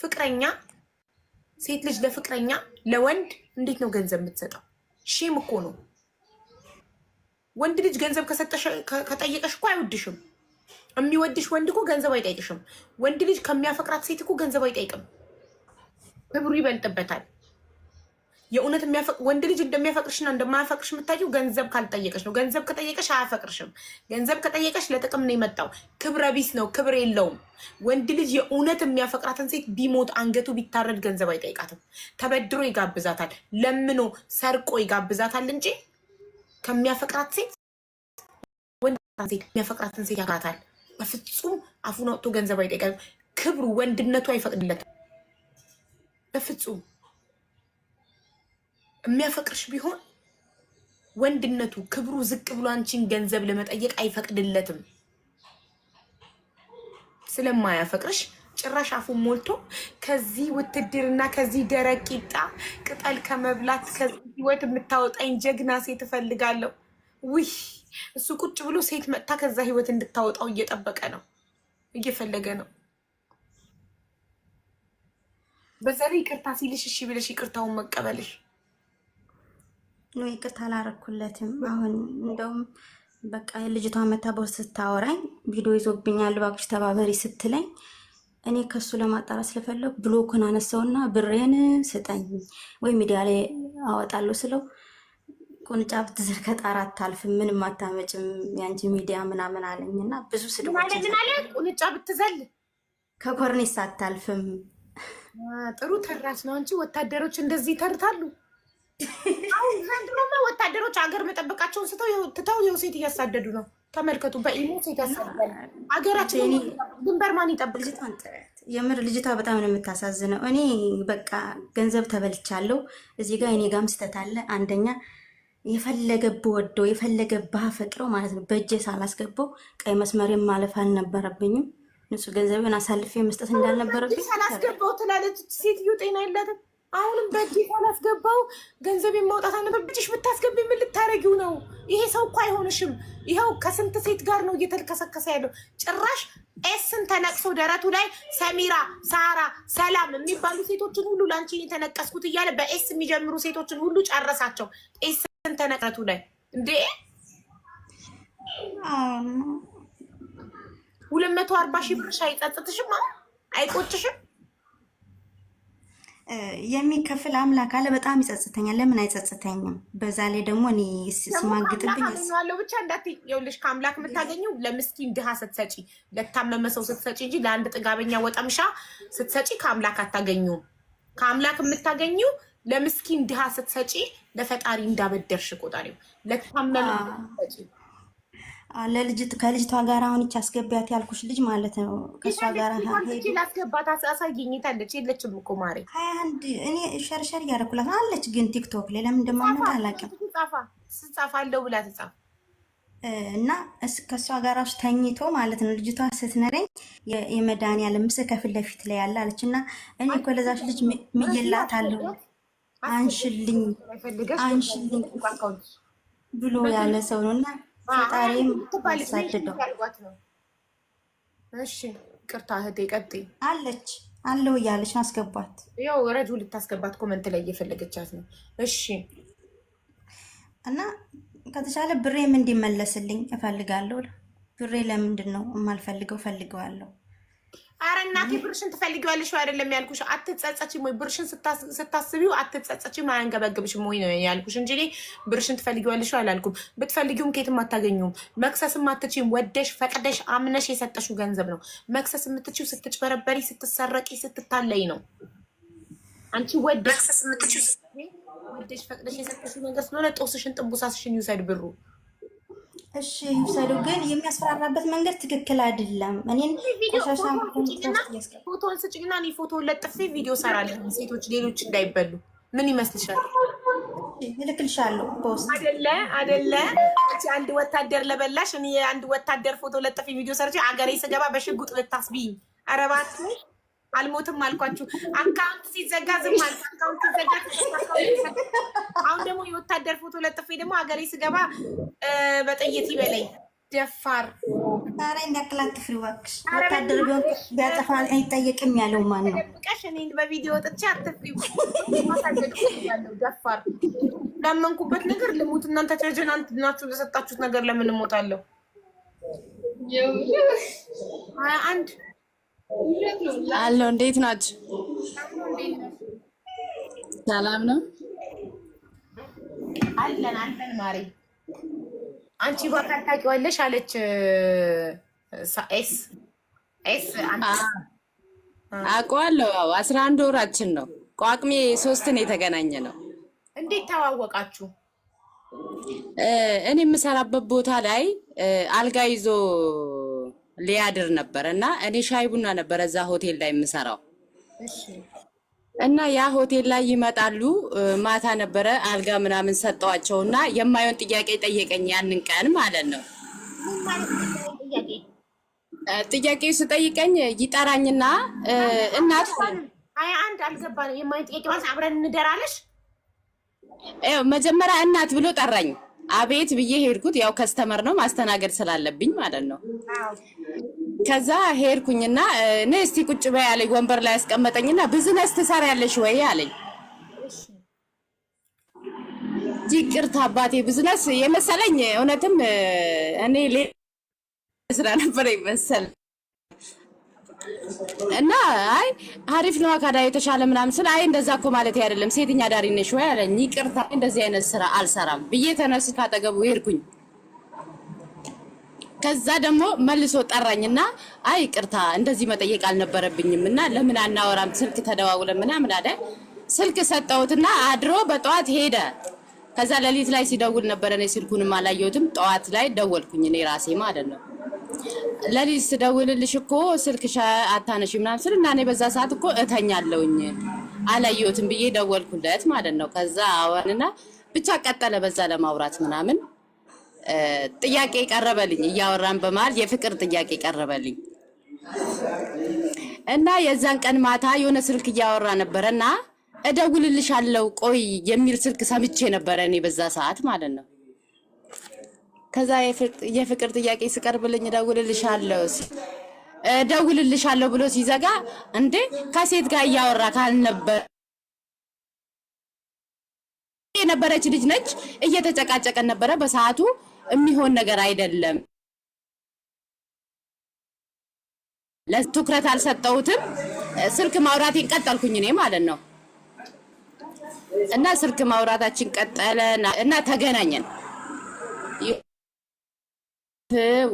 ፍቅረኛ ሴት ልጅ ለፍቅረኛ ለወንድ እንዴት ነው ገንዘብ የምትሰጠው? ሼም እኮ ነው። ወንድ ልጅ ገንዘብ ከጠየቀሽ እኮ አይወድሽም። የሚወድሽ ወንድ እኮ ገንዘብ አይጠይቅሽም። ወንድ ልጅ ከሚያፈቅራት ሴት እኮ ገንዘብ አይጠይቅም። ክብሩ ይበልጥበታል። የእውነት ወንድ ልጅ እንደሚያፈቅርሽና እንደማያፈቅርሽ የምታየው ገንዘብ ካልጠየቀሽ ነው። ገንዘብ ከጠየቀሽ አያፈቅርሽም። ገንዘብ ከጠየቀሽ ለጥቅም ነው የመጣው። ክብረ ቢስ ነው፣ ክብር የለውም። ወንድ ልጅ የእውነት የሚያፈቅራትን ሴት ቢሞት አንገቱ ቢታረድ ገንዘብ አይጠይቃትም። ተበድሮ ይጋብዛታል፣ ለምኖ ሰርቆ ይጋብዛታል እንጂ ከሚያፈቅራት ሴት ወንድ የሚያፈቅራትን ሴት ያፈቅራታል። በፍጹም አፉን አውጥቶ ገንዘብ አይጠይቃትም። ክብሩ ወንድነቱ አይፈቅድለትም በፍጹም የሚያፈቅርሽ ቢሆን ወንድነቱ ክብሩ ዝቅ ብሎ አንቺን ገንዘብ ለመጠየቅ አይፈቅድለትም። ስለማያፈቅርሽ ጭራሽ አፉን ሞልቶ ከዚህ ውትድርና ከዚህ ደረቅ ቂጣ ቅጠል ከመብላት ከዚህ ህይወት የምታወጣኝ ጀግና ሴት እፈልጋለሁ። ውይ እሱ ቁጭ ብሎ ሴት መጥታ ከዛ ህይወት እንድታወጣው እየጠበቀ ነው፣ እየፈለገ ነው። በዛ ላይ ይቅርታ ሲልሽ እሺ ብለሽ ይቅርታውን መቀበልሽ ነው ይቅርታ አላረኩለትም። አሁን እንደውም በቃ ልጅቷ መታ በውስጥ ስታወራኝ ቪዲዮ ይዞብኛል እባክሽ ተባበሪ ስትለኝ እኔ ከሱ ለማጣራት ስለፈለግ ብሎኩን አነሳውና ብሬን ስጠኝ ወይ ሚዲያ ላይ አወጣለሁ ስለው ቁንጫፍ ትዝር ከጣራ አታልፍም፣ ምንም አታመጭም የአንቺ ሚዲያ ምናምን አለኝ እና ብዙ ስድቦች ቁንጫ ብትዘል ከኮርኔስ አታልፍም። ጥሩ ተራስ ነው። አንቺ ወታደሮች እንደዚህ ይተርታሉ። አሁን ዘንድሮማ ወታደሮች ሀገር መጠበቃቸውን ስተው ትተው ይኸው ሴት እያሳደዱ ነው። ተመልከቱ። በኢሞ ሴት ያሳደዱ ሀገራችን ድንበር ማን ይጠብቅ? የምር ልጅቷ በጣም ነው የምታሳዝነው። እኔ በቃ ገንዘብ ተበልቻለሁ። እዚህ ጋር እኔ ጋም ስተት አለ። አንደኛ የፈለገ ብወደው የፈለገ ባፈቅረው ማለት ነው በእጄ ሳላስገባው ቀይ መስመሬን ማለፍ አልነበረብኝም። ንጹህ ገንዘብን አሳልፌ መስጠት እንዳልነበረብኝ ሳላስገባው ትላለች ሴትዮ። ጤና የላትም አሁንም በእጅ ካላስገባው ገንዘብ የማውጣት አለበት። ብጭሽ ብታስገቢ ምን ልታረጊው ነው? ይሄ ሰው እኮ አይሆንሽም። ይኸው ከስንት ሴት ጋር ነው እየተልከሰከሰ ያለው። ጭራሽ ኤስን ተነቅሶ ደረቱ ላይ ሰሚራ፣ ሳራ፣ ሰላም የሚባሉ ሴቶችን ሁሉ ለአንቺ የተነቀስኩት እያለ በኤስ የሚጀምሩ ሴቶችን ሁሉ ጨረሳቸው። ኤስን ተነቅረቱ ላይ እንዴ ሁለት መቶ አርባ ሺህ ብርሽ አይጸጽትሽም? አይቆጭሽም? የሚከፍል አምላክ አለ። በጣም ይጸጽተኛል። ለምን አይጸጽተኝም? በዛ ላይ ደግሞ እኔ ስማግጥብኝ ብቻ እንዳት የውልሽ ከአምላክ የምታገኘው ለምስኪን ድሃ ስትሰጪ፣ ለታመመ ሰው ስትሰጪ እንጂ ለአንድ ጥጋበኛ ወጠምሻ ስትሰጪ ከአምላክ አታገኙም። ከአምላክ የምታገኘው ለምስኪን ድሃ ስትሰጪ፣ ለፈጣሪ እንዳበደርሽ ቆጣሪው ለታመመ ሰጪ ለልጅት ከልጅቷ ጋር አሁን ይች አስገቢያት ያልኩሽ ልጅ ማለት ነው። ከእሷ ጋር ላስገባት አሳየኝ። የታለች? የለችም እኮ ማሬ። ሀያ አንድ እኔ ሸርሸር እያደረኩላት አለች፣ ግን ቲክቶክ ላይ ለምን እንደማመጣ አላውቅም። ስጻፋ አለው ብላ ትጻፍ እና ከእሷ ጋር ውስጥ ተኝቶ ማለት ነው። ልጅቷ ስትነረኝ የመድኃኒዓለም ምስል ከፊት ለፊት ላይ ያለ አለች እና እኔ እኮ ለዛች ልጅ ምይላት አለው አንሽልኝ አንሽልኝ ብሎ ያለ ሰው ነው እና ፈጣሪም እሺ ቅርታ እህቴ ቀጥይ አለች አለው እያለች አስገባት። ያው ረዱ ልታስገባት ኮመንት ላይ እየፈለገቻት ነው። እሺ እና ከተቻለ ብሬም እንዲመለስልኝ እፈልጋለሁ። ብሬ ለምንድን ነው የማልፈልገው? ፈልገዋለሁ አረ እናቴ ብርሽን ትፈልጊዋለሽ አይደለም ያልኩሽ። አትጸጸችም ወይ ብርሽን ስታስቢው አትጸጸችም፣ አያንገበግብሽም ወይ ነው ያልኩሽ እንጂ እኔ ብርሽን ትፈልጊዋለሽ አላልኩም። ብትፈልጊውም ኬትም አታገኙም። መክሰስም አትችይም። ወደሽ ፈቅደሽ አምነሽ የሰጠሽው ገንዘብ ነው። መክሰስ የምትችው ስትጭበረበሪ፣ ስትሰረቂ፣ ስትታለይ ነው። አንቺ ወደሽ ፈቅደሽ የሰጠሽው ነገር ስለሆነ ጦስሽን ጥቡሳስሽን ይውሰድ ብሩ እሺ ይውሰዱ፣ ግን የሚያስፈራራበት መንገድ ትክክል አይደለም። እኔን ቆሻሻ ፎቶን ስጭኝና እኔ ፎቶን ለጥፌ ቪዲዮ ሰራለሁ። ሴቶች ሌሎች እንዳይበሉ ምን ይመስልሻል? እልክልሻለሁ። አደለ አደለ አንድ ወታደር ለበላሽ እኔ አንድ ወታደር ፎቶ ለጥፌ ቪዲዮ ሰርቼ አገሬ ስገባ በሽጉጥ ልታስቢኝ አረባት አልሞትም አልኳችሁ። አካውንት ሲዘጋ ዝም ማለት አካውንት ሲዘጋ። አሁን ደግሞ የወታደር ፎቶ ለጥፌ ደግሞ ሀገሬ ስገባ በጥይት ይበለኝ። ደፋር ታራ እንዳክላት ፍሪ ወታደር ቢያጠፋ አይጠየቅም ያለው ማን ነው? ቀሽ እኔ በቪዲዮ ወጥቼ አትፍሪ ያለው ደፋር። ላመንኩበት ነገር ልሙት። እናንተ ተጀናንት ናችሁ። ለሰጣችሁት ነገር ለምን እሞታለሁ? አንድ አለው እንዴት ናችሁ? ሰላም ነው አለን አለን። ማሪ አንቺ ጓካል ታውቂዋለሽ አለች ኤስ ኤስ አውቀዋለሁ። አስራ አንድ ወራችን ነው። ቋቅሜ ሶስትን የተገናኘ ነው። እንዴት ተዋወቃችሁ? እኔ የምሰራበት ቦታ ላይ አልጋ ይዞ ሊያድር ነበረ እና እኔ ሻይ ቡና ነበረ እዛ ሆቴል ላይ የምሰራው እና ያ ሆቴል ላይ ይመጣሉ። ማታ ነበረ አልጋ ምናምን ሰጠዋቸው እና የማየውን ጥያቄ ጠየቀኝ። ያንን ቀን ማለት ነው ጥያቄው ስጠይቀኝ ይጠራኝና እናት ሀያ አንድ አልገባንም። ጥያቄ ማለት አብረን እንደራለሽ መጀመሪያ እናት ብሎ ጠራኝ። አቤት ብዬ ሄድኩት። ያው ከስተመር ነው ማስተናገድ ስላለብኝ ማለት ነው። ከዛ ሄድኩኝና እኔ እስቲ ቁጭ በይ አለኝ። ወንበር ላይ ያስቀመጠኝና ብዝነስ ትሰሪያለሽ ወይ አለኝ። ይቅርታ አባቴ ብዝነስ የመሰለኝ እውነትም እኔ ስራ ነበር ይመሰል እና አይ አሪፍ ነው አካዳ የተሻለ ምናምን ስለ አይ እንደዛ እኮ ማለት አይደለም ሴትኛ ዳሪ ነሽ ወይ አለኝ። ይቅርታ እንደዚህ አይነት ስራ አልሰራም ብዬ ተነስ ካጠገቡ ሄድኩኝ። ከዛ ደግሞ መልሶ ጠራኝና አይ ቅርታ እንደዚህ መጠየቅ አልነበረብኝም እና ለምን አናወራም ስልክ ተደዋውለ ምናምን አለ። ስልክ ሰጠሁትና አድሮ በጠዋት ሄደ። ከዛ ሌሊት ላይ ሲደውል ነበረ። እኔ ስልኩንም አላየሁትም። ጠዋት ላይ ደወልኩኝ እኔ ራሴ ማለት ነው ለሊት ስደውልልሽ እኮ ስልክሽ አታነሽ ምናምን ስል እና እኔ በዛ ሰዓት እኮ እተኛለውኝ አላየሁትም ብዬ ደወልኩለት ማለት ነው። ከዛ አወንና ብቻ ቀጠለ በዛ ለማውራት ምናምን ጥያቄ ቀረበልኝ። እያወራን በመሀል የፍቅር ጥያቄ ቀረበልኝ እና የዛን ቀን ማታ የሆነ ስልክ እያወራ ነበረ እና እደውልልሽ አለው ቆይ የሚል ስልክ ሰምቼ ነበረ እኔ በዛ ሰዓት ማለት ነው። ከዛ የፍቅር ጥያቄ ስቀርብልኝ እደውልልሻለሁ እደውልልሻለሁ ብሎ ሲዘጋ እንዴ ከሴት ጋር እያወራ ካልነበር የነበረች ልጅ ነች። እየተጨቃጨቀን ነበረ። በሰዓቱ የሚሆን ነገር አይደለም። ለትኩረት አልሰጠሁትም። ስልክ ማውራቴን ቀጠልኩኝ እኔ ማለት ነው። እና ስልክ ማውራታችን ቀጠለ እና ተገናኘን።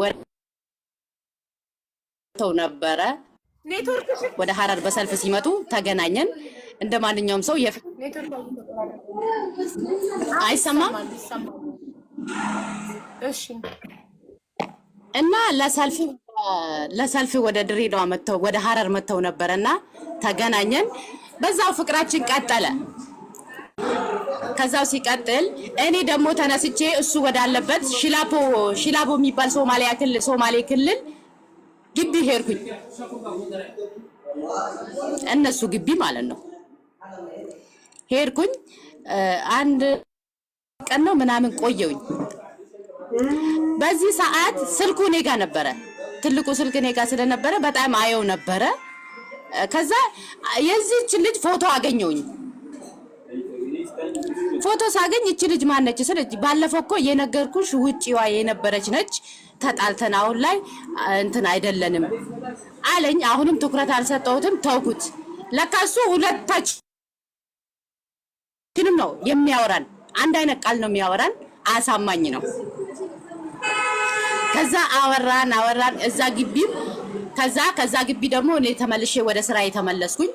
ወጥተው ነበረ። ወደ ሀረር በሰልፍ ሲመጡ ተገናኘን። እንደ ማንኛውም ሰው አይሰማም እና ለሰልፍ ለሰልፍ ወደ ድሬዳዋ መጥተው ወደ ሀረር መጥተው ነበረ እና ተገናኘን። በዛው ፍቅራችን ቀጠለ። ከዛው ሲቀጥል እኔ ደግሞ ተነስቼ እሱ ወዳለበት ሽላፖ ሽላፖ የሚባል ሶማሊያ ክልል ሶማሌ ክልል ግቢ ሄድኩኝ። እነሱ ግቢ ማለት ነው። ሄድኩኝ አንድ ቀን ነው ምናምን ቆየውኝ። በዚህ ሰዓት ስልኩ እኔ ጋ ነበረ፣ ትልቁ ስልክ እኔ ጋ ስለነበረ በጣም አየው ነበረ። ከዛ የዚህችን ልጅ ፎቶ አገኘውኝ ፎቶ ሳገኝ እቺ ልጅ ማነች ስል ባለፈው እኮ የነገርኩሽ ውጪዋ የነበረች ነች፣ ተጣልተን አሁን ላይ እንትን አይደለንም አለኝ። አሁንም ትኩረት አልሰጠሁትም፣ ተውኩት። ለካሱ እሱ ሁለታችንም ነው የሚያወራን፣ አንድ አይነት ቃል ነው የሚያወራን፣ አሳማኝ ነው። ከዛ አወራን አወራን እዛ ግቢም ከዛ ከዛ ግቢ ደግሞ እኔ ተመልሼ ወደ ስራ የተመለስኩኝ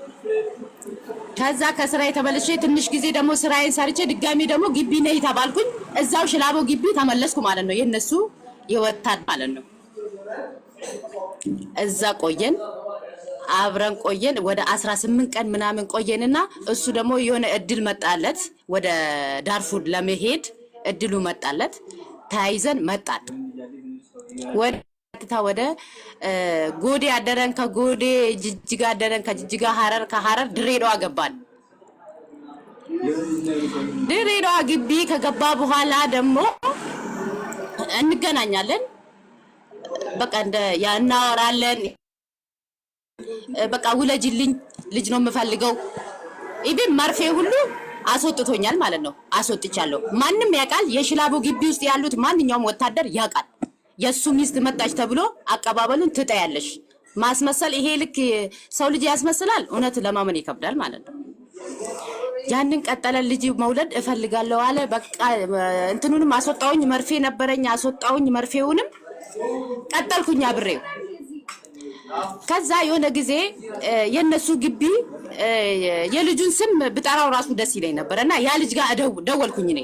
ከዛ ከስራ የተመለሸ ትንሽ ጊዜ ደግሞ ስራዬን ሰርቼ ድጋሚ ደግሞ ግቢ ነይ ተባልኩኝ። እዛው ሽላቦ ግቢ ተመለስኩ ማለት ነው። የነሱ የወታድ ማለት ነው። እዛ ቆየን፣ አብረን ቆየን። ወደ 18 ቀን ምናምን ቆየንና እሱ ደግሞ የሆነ እድል መጣለት ወደ ዳርፉር ለመሄድ እድሉ መጣለት። ተያይዘን መጣን ወደ ቀጥታ ወደ ጎዴ አደረን፣ ከጎዴ ጅጅጋ አደረን፣ ከጅጅጋ ሀረር ከሀረር ድሬዳዋ ገባን። ድሬዳዋ ግቢ ከገባ በኋላ ደግሞ እንገናኛለን። በቃ እንደ ያናወራለን። በቃ ውለጅልኝ፣ ልጅ ነው የምፈልገው። ኢብን መርፌ ሁሉ አስወጥቶኛል ማለት ነው። አስወጥቻለሁ። ማንም ያውቃል። የሽላቦ ግቢ ውስጥ ያሉት ማንኛውም ወታደር ያውቃል። የእሱ ሚስት መጣች ተብሎ አቀባበሉን ትጠያለሽ። ማስመሰል ይሄ ልክ ሰው ልጅ ያስመስላል። እውነት ለማመን ይከብዳል ማለት ነው። ያንን ቀጠለ። ልጅ መውለድ እፈልጋለሁ አለ። በቃ እንትኑንም አስወጣውኝ፣ መርፌ ነበረኝ፣ አስወጣውኝ። መርፌውንም ቀጠልኩኝ አብሬው። ከዛ የሆነ ጊዜ የነሱ ግቢ የልጁን ስም ብጠራው ራሱ ደስ ይለኝ ነበረ እና ያ ልጅ ጋር ደወልኩኝ። እኔ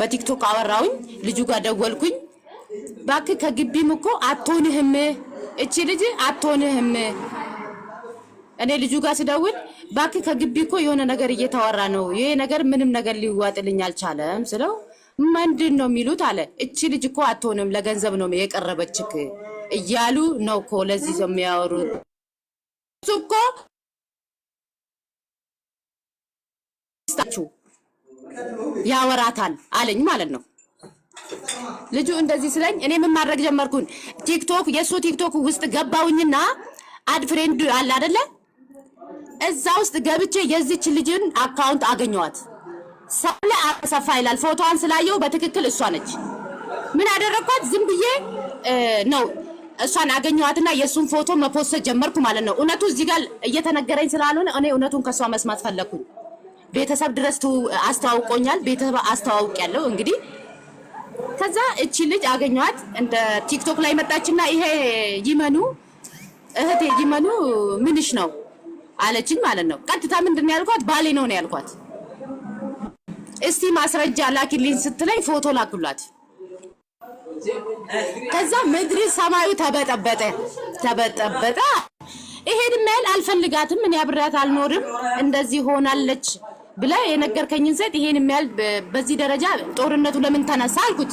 በቲክቶክ አወራውኝ፣ ልጁ ጋር ደወልኩኝ ባክ ከግቢም እኮ አትሆንህም፣ እቺ ልጅ አትሆንህም። እኔ ልጁ ጋር ስደውል ባክ ከግቢ እኮ የሆነ ነገር እየተወራ ነው፣ ይሄ ነገር ምንም ነገር ሊዋጥልኝ አልቻለም ስለው ምንድን ነው የሚሉት አለ። እቺ ልጅ እኮ አትሆንም፣ ለገንዘብ ነው የቀረበችክ እያሉ ነው እኮ ለዚህ ሰው የሚያወሩት እኮ ያወራታል አለኝ ማለት ነው። ልጁ እንደዚህ ስለኝ እኔ ምን ማድረግ ጀመርኩኝ? ቲክቶክ የእሱ ቲክቶክ ውስጥ ገባውኝና አድ ፍሬንድ አለ አደለ? እዛ ውስጥ ገብቼ የዚች ልጅን አካውንት አገኘዋት። ሳለ አሰፋ ይላል። ፎቶዋን ስላየው በትክክል እሷ ነች። ምን አደረግኳት? ዝም ብዬ ነው እሷን አገኘዋትና የእሱን ፎቶ መፖሰት ጀመርኩ ማለት ነው። እውነቱ እዚህ ጋር እየተነገረኝ ስላልሆነ እኔ እውነቱን ከእሷ መስማት ፈለግኩኝ። ቤተሰብ ድረስ አስተዋውቆኛል። ቤተሰብ አስተዋውቅ ያለው እንግዲህ ከዛ እቺ ልጅ አገኘኋት እንደ ቲክቶክ ላይ መጣችና ይሄ ይመኑ እህቴ ይመኑ ምንሽ ነው አለችኝ ማለት ነው። ቀጥታ ምንድን ነው ያልኳት? ባሌ ነው ነው ያልኳት። እስቲ ማስረጃ ላኪልኝ ስትለኝ ፎቶ ላኩላት። ከዛ ምድር ሰማዩ ተበጠበጠ ተበጠበጠ። ይሄን ያህል አልፈልጋትም፣ እኔ አብሬያት አልኖርም፣ እንደዚህ ሆናለች ብላ የነገርከኝን ዘት ይሄን የሚያል በዚህ ደረጃ ጦርነቱ ለምን ተነሳ አልኩት።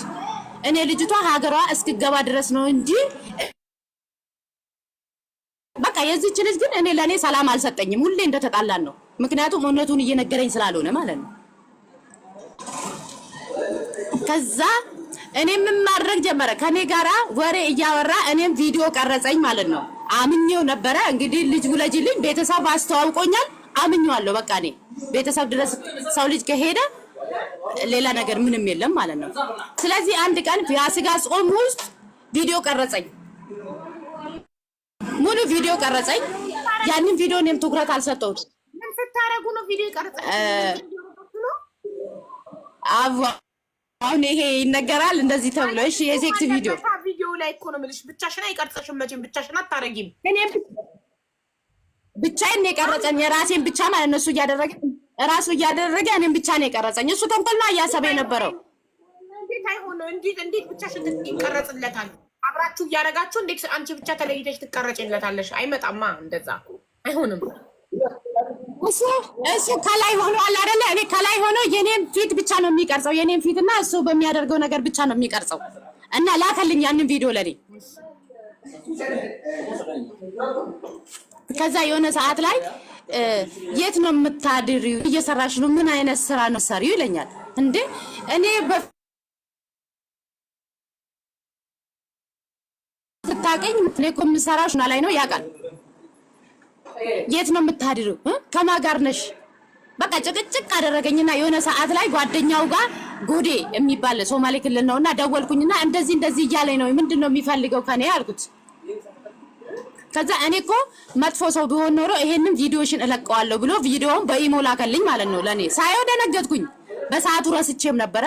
እኔ ልጅቷ ሀገሯ እስክገባ ድረስ ነው እንጂ በቃ የዚች ልጅ ግን እኔ ለእኔ ሰላም አልሰጠኝም። ሁሌ እንደተጣላን ነው። ምክንያቱም እውነቱን እየነገረኝ ስላልሆነ ማለት ነው። ከዛ እኔ ምን ማድረግ ጀመረ፣ ከኔ ጋራ ወሬ እያወራ እኔም ቪዲዮ ቀረጸኝ ማለት ነው። አምኜው ነበረ እንግዲህ ልጅ ውለጅልኝ ቤተሰብ አስተዋውቆኛል። አምኜዋለሁ በቃ እኔ ቤተሰብ ድረስ ሰው ልጅ ከሄደ ሌላ ነገር ምንም የለም ማለት ነው። ስለዚህ አንድ ቀን የስጋ ጾም ውስጥ ቪዲዮ ቀረጸኝ፣ ሙሉ ቪዲዮ ቀረጸኝ። ያንን ቪዲዮ እኔም ትኩረት አልሰጠሁት። አሁን ይሄ ይነገራል እንደዚህ ተብሎ እሺ፣ የሴክስ ቪዲዮ ቪዲዮ ላይ እኮ ነው የምልሽ። ብቻሽን አይቀርጸሽም መቼም፣ ብቻሽን አታረጊም። ብቻዬን ነው የቀረጸኝ። የራሴን ብቻ ማለት ነው እሱ እያደረገ ራሱ እያደረገ እኔም ብቻ ነው የቀረጸኝ። እሱ ተንኮል ነው እያሰበ የነበረው። እንዴት አይሆንም? እንዴት እንዴት ብቻሽን ይቀረጽለታል? አብራችሁ እያደረጋችሁ እንዴት አንቺ ብቻ ተለይተሽ ትቀረጭለታለሽ? አይመጣማ እንደዛ አይሆንም። እሱ እሱ ከላይ ሆኖ አለ አይደለ? እኔ ከላይ ሆኖ የኔም ፊት ብቻ ነው የሚቀርጸው። የኔም ፊት እና እሱ በሚያደርገው ነገር ብቻ ነው የሚቀርጸው እና ላከልኝ ያንን ቪዲዮ ለኔ ከዛ የሆነ ሰዓት ላይ የት ነው የምታድሪው? እየሰራሽ ነው? ምን አይነት ስራ ነው ሰሪው ይለኛል። እንዴ እኔ በፍታቀኝ እኔ እኮ የምሰራው ና ላይ ነው ያውቃል። የት ነው የምታድሪው? ከማን ጋር ነሽ? በቃ ጭቅጭቅ አደረገኝና የሆነ ሰዓት ላይ ጓደኛው ጋር ጎዴ የሚባል ሶማሌ ክልል ነውና ደወልኩኝና እንደዚህ እንደዚህ እያለኝ ነው ምንድን ነው የሚፈልገው ከኔ አልኩት። ከዛ እኔ እኮ መጥፎ ሰው ቢሆን ኖሮ ይሄንን ቪዲዮሽን እለቀዋለሁ ብሎ ቪዲዮውን በኢሞ ላከልኝ ማለት ነው። ለእኔ ሳየው ደነገጥኩኝ። በሰዓቱ ረስቼም ነበረ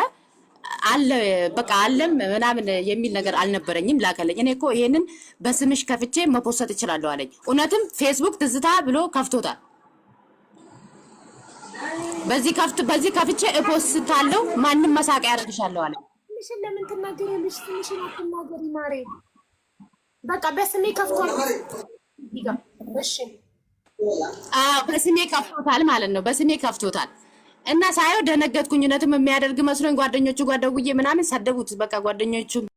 አለ በቃ አለም ምናምን የሚል ነገር አልነበረኝም። ላከለኝ እኔ እኮ ይሄንን በስምሽ ከፍቼ መፖሰት እችላለሁ አለኝ። እውነትም ፌስቡክ ትዝታ ብሎ ከፍቶታል። በዚህ ከፍት በዚህ ከፍቼ እፖስታለሁ ማንም መሳቂያ ያደርግሻለሁ አለ። ትንሽን ለምን ትናገሪያለሽ? ትንሽን አትናገሪ ማሬ በቃ በስሜ ከፍቷል። በስሜ ከፍቶታል ማለት ነው። በስሜ ከፍቶታል እና ሳየው ደነገጥኩኝ። እውነትም የሚያደርግ መስሎኝ ጓደኞቹ ጓደውዬ ምናምን ሰደቡት። በቃ ጓደኞቹ